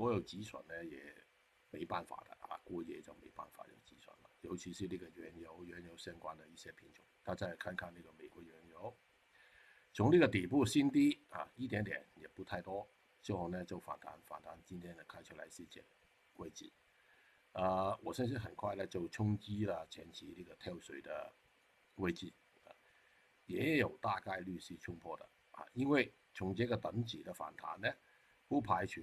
所有止損呢，也沒辦法的啊，過夜就沒辦法有止損了，尤其是那個原油、原油相關的一些品種。大家看看那個美國原油，從那個底部新低啊，一點點也不太多，之後呢，就反彈、反彈。今天的開出來是這個位置。啊，我相信很快呢就衝擊了前期那個跳水的位置，啊，也有大概率是衝破的啊，因為從這個等級的反彈呢，不排除。